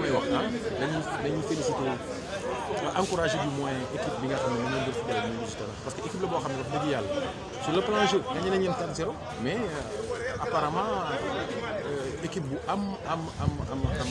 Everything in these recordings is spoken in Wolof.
may wax ah dañuy dañuy félicité encouragé du moins équipe bi nga xam ne moom lañ def dara ñu parce que équipe la boo xam ne wax dëgg yàlla sur le plan jeu gagné nañ am am am am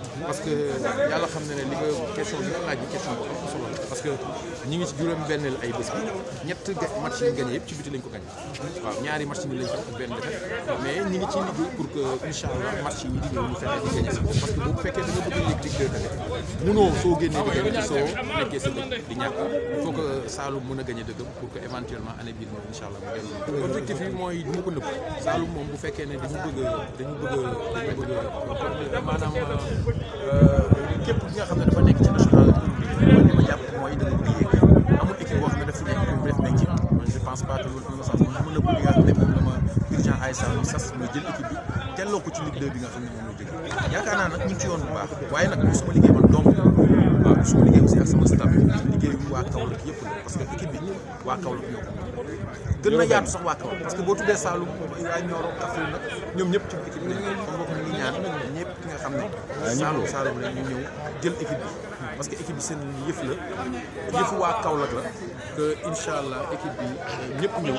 parce que yàlla xam na ne li nga question bi nga laaj bi question bu am solo la parce que ñi ngi ci juróom benneel ay bés bi ñett match yi gagné yëpp ci biti lañ ko gagné waaw ñaari match yi lañ ko benn defet mais ñi ngi ciy liggéey pour que incha allah match yi di ñëw ñu fexe di gagné parce que munoo soo génnee di gagné soo nekkee sa dëkk di ñàkk il faut que Saloum mën a gagné dëkkam pour que éventuellement année bii moom incha allah mu dellu. objectif mooy du ma ko bu fekkee ne dañu bëgg bëgg a dañu a euh, maanaam euh, képp ki nga xam ne dafa nekk ci national mooy ma jàpp mooy da nga bëgg amul équipe xam ne daf fi nekk def nañ ci je pense pas que loolu am na sens man dama nëbb li nga sas muy jël équipe bi. delloo ko ci Ligue 2 bi nga xam ne moom la jógee yaakaar naa bi parce que équipe bi waa Kaolack ñoo ko waa Kaolack parce que boo tuddee Saloum ñoom ñëpp ci équipe bi lañ nga xam ne Saloum Saloum la ñu ñëw parce que équipe bi seen la yëfu waa Kaolack la que incha allah équipe bi